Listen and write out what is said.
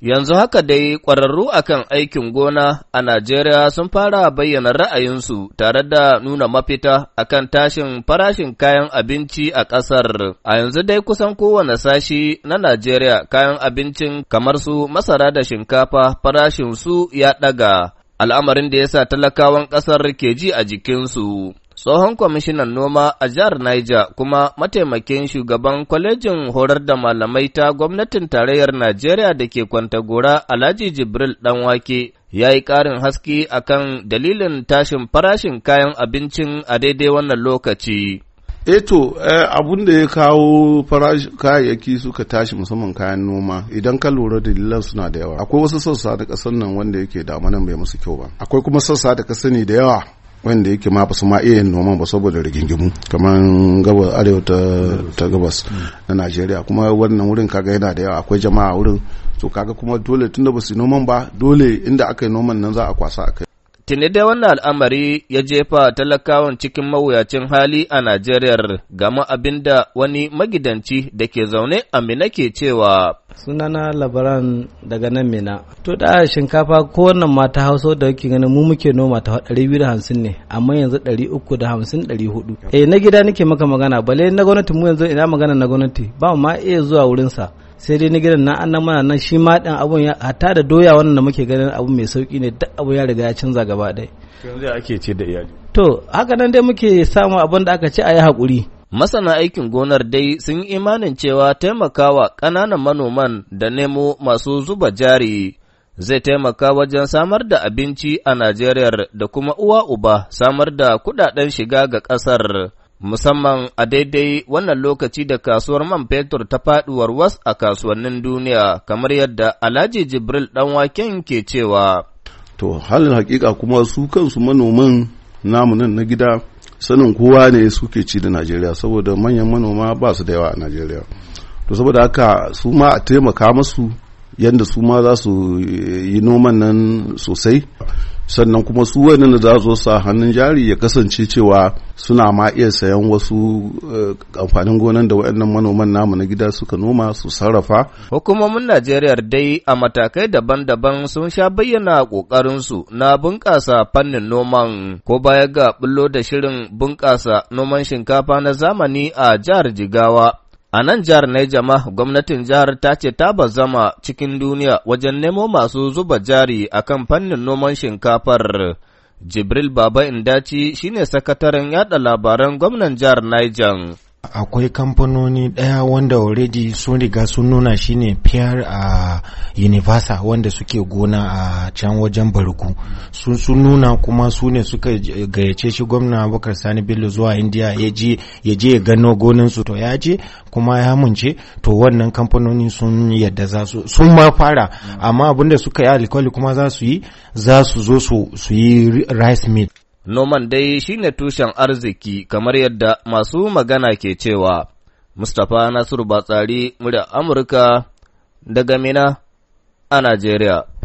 Yanzu haka dai ƙwararru akan aikin gona a Najeriya sun fara bayyana ra'ayinsu tare da nuna mafita akan tashin farashin kayan abinci a ƙasar. A yanzu dai kusan kowane sashi na Najeriya kayan abincin kamar su masara da shinkafa farashinsu ya ɗaga, al'amarin da ya sa talakawan ƙasar ke ji a jikinsu. tsohon kwamishinan noma a jihar Niger kuma mataimakin shugaban kwalejin horar da malamai ta gwamnatin tarayyar Najeriya da ke Kwantagora Alhaji Jibril Danwake ya yi ƙarin haske akan dalilin tashin farashin kayan abincin a daidai wannan lokaci. Eto eh, eh, abun da ya kawo kayayyaki suka tashi musamman kayan noma idan ka lura dalilan suna da yawa akwai wasu sassa da kasar nan wanda yake damanan bai musu kyau ba akwai kuma sassa da ka sani da yawa wanda yake ma basu ma iya yin noman ba saboda rigingimu kamar gabas arewa ta gabas na najeriya kuma wannan wurin kaga yana da yawa akwai jama'a wurin to kaga kuma dole tunda basu noman ba dole inda aka yi noman nan za a kwasa a kai Tuni dai wannan al'amari ya jefa talakawan cikin mawuyacin hali a Najeriya gama abinda wani magidanci da ke zaune a Mina ke cewa sunana labaran daga nan mina to da shinkafa ko wannan mata hausa da kake ganin mu muke noma ta 250 ne amma yanzu 350 400 eh na gida nake maka magana bale na gwamnati mu yanzu ina magana na gwamnati ba ma iya zuwa wurin sa sai dai na gidan na annan mana nan shi ma din abun ya hatta da doya wannan da muke ganin abu mai sauki ne duk abu ya riga ya canza gaba ɗaya yanzu ake ce da iyali to haka nan dai muke samu abun da aka ce a yi haƙuri Masana aikin gonar dai sun yi imanin cewa taimakawa ƙananan manoman da nemo masu zuba jari zai taimaka wajen samar da abinci a Najeriya da kuma uwa uba samar da kuɗaɗen shiga ga ƙasar. Musamman a daidai wannan lokaci da kasuwar man fetur ta faɗuwar was a kasuwannin duniya kamar yadda Alhaji Jibril ɗanwaken ke cewa. To halin hakika kuma su kansu manoman namu nan na gida sanin kowa ne suke ci da najeriya saboda manyan manoma ba su da yawa a najeriya to saboda haka su ma a taimaka masu yadda su ma za su yi noman nan sosai sannan kuma su wani da za zo sa hannun jari ya kasance cewa suna ma iya sayan wasu eh, amfanin gonan da waɗannan manoman namu na gida suka noma su sarrafa. Hukumomin Najeriya dai a matakai daban-daban sun sha bayyana ƙoƙarinsu na bunƙasa fannin noman ko baya ga bullo da shirin bunƙasa noman shinkafa na zamani a jihar Jigawa A nan jihar Naijama gwamnatin jihar ta ce ta bazama cikin duniya wajen nemo masu zuba jari a kan fannin noman shinkafar. Jibril Baba Indaci shine sakataren yada labaran gwamnan jihar Naijan. akwai kamfanoni ɗaya wanda already sun riga sun nuna shine PR a Universa wanda suke gona a can wajen Barku sun sun nuna kuma su ne suka gayyace shi gwamna Abubakar Sani Bello zuwa India ya je ya gano gonan su to ya je kuma ya munce to wannan kamfanoni sun yadda za su sun ma fara amma abinda suka yi alkawali kuma za su yi za su zo su yi rice mill Noman dai shine tushen arziki kamar yadda masu magana ke cewa, Mustapha Nasiru Batsari, murya Amurka daga Mina a Najeriya.